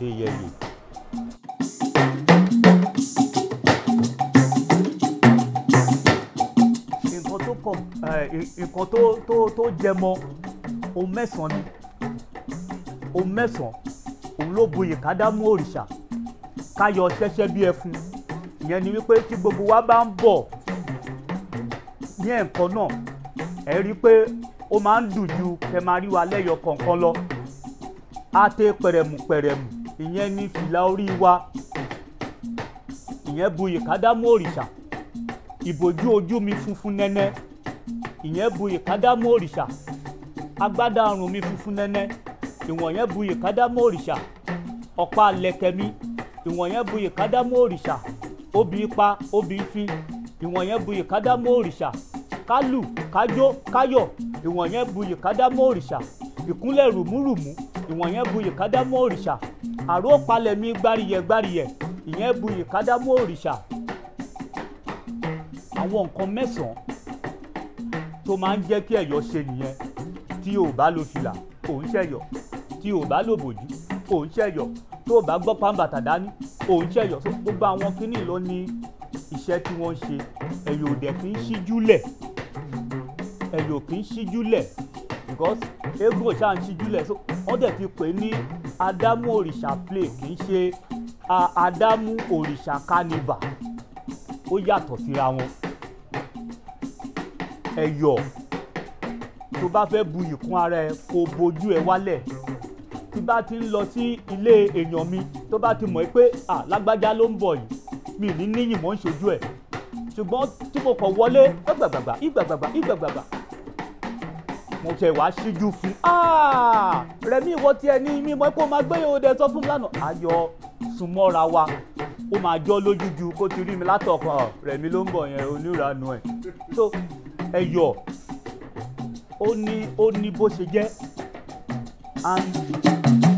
dé yẹ̀yẹ̀. nǹkan tó kọ nǹkan tó tó tó jẹ mọ́ ohun mẹ́sàn-án ni ohun mẹ́sàn-án òun ló buyì kádámù òrìṣà káyọ ṣẹ́ṣẹ́ bí ẹfun ìyẹn ni wípé tí gbogbo wa bá ń bọ̀ ní ẹ̀ǹkan náà ẹ rí i pé ó máa ń dùn ju kẹ máa rí wa lẹ́yọ kọ̀ọ̀kan lọ á tẹ pẹ̀rẹ̀mù pẹ̀rẹ̀mù ìyẹn ni fìlà orí wa ìyẹn buyì kádámù òrìṣà ìbòjú ojú mi funfun nẹ́nẹ́ ìyẹn buyì kádámù òrìṣà agbádá ọrùn mi funfun nẹ́nẹ́ ìwọ̀nyẹn buyì kádámù òrìṣà ọ̀pá lẹ̀kẹ̀ mi ìwọ̀nyẹn buyì kádámù òrìṣà obì ipa obì ifin ìwọ̀nyẹn buyì kádámù òrìṣà kálù kájó káyọ̀ ìwọ̀nyẹn buyì kádámù òrìṣà ìkúnlẹ̀ rùmúrùmú ìwọ̀nyẹn buyì kádámù òrìṣà àrò palẹ̀ mi gbárìyẹ gbárìyẹ ìyẹn bu ìkádámú òrìṣà àwọn nǹkan mẹ́sàn-án tó máa ń jẹ́ kí ẹ̀yọ̀ ṣe nìyẹn tí o bá lo fìlà ò ń ṣẹ̀yọ̀ tí o bá lo bòjú ò ń ṣẹ̀yọ̀ tó o bá gbọ́ pàǹbàtà dání ò ń ṣẹ̀yọ̀ gbogbo àwọn kínní lọ ní iṣẹ́ tí wọ́n ń ṣe ẹ̀yọ̀ òdẹ̀ kì í ṣíjú lẹ̀ ẹ̀yọ̀ kì í ṣíjú lẹ̀ because eégún òṣà ń ṣíjú lẹ̀ so wọ́n dẹ̀ fi pè ní Adamu Òrìṣà play kì í ṣe Adamu Òrìṣà carnival ó yàtọ̀ síra wọn ẹ̀yọ̀ tó bá fẹ́ bu ìkún ara ẹ kó bojú ẹ wálẹ̀ tí bá ti ń lọ sí ilé èèyàn mi tó bá ti mọ̀ pé à lágbájá ló ń bọ̀ yìí mi ní níyìn ṣojú ẹ̀ ṣùgbọ́n tí mo kàn wọlé ìgbàgbàgbà ìgbàgbàgbà ìgbàgbàgbà mo ṣe wàá ṣíjú fún ah! rẹmi ìwọ tiẹ̀ ní mímọ kó máa gbé yòó dẹ sọ fún mi lánàá ayọ̀ súnmọ́ra wa ó máa jọ lójú ju kó ti rí mi látọkàn ah! rẹmi ló ń bọ̀ yẹn onírànú ẹ so ẹyọ ó ní ó ní bó ṣe jẹ́ and.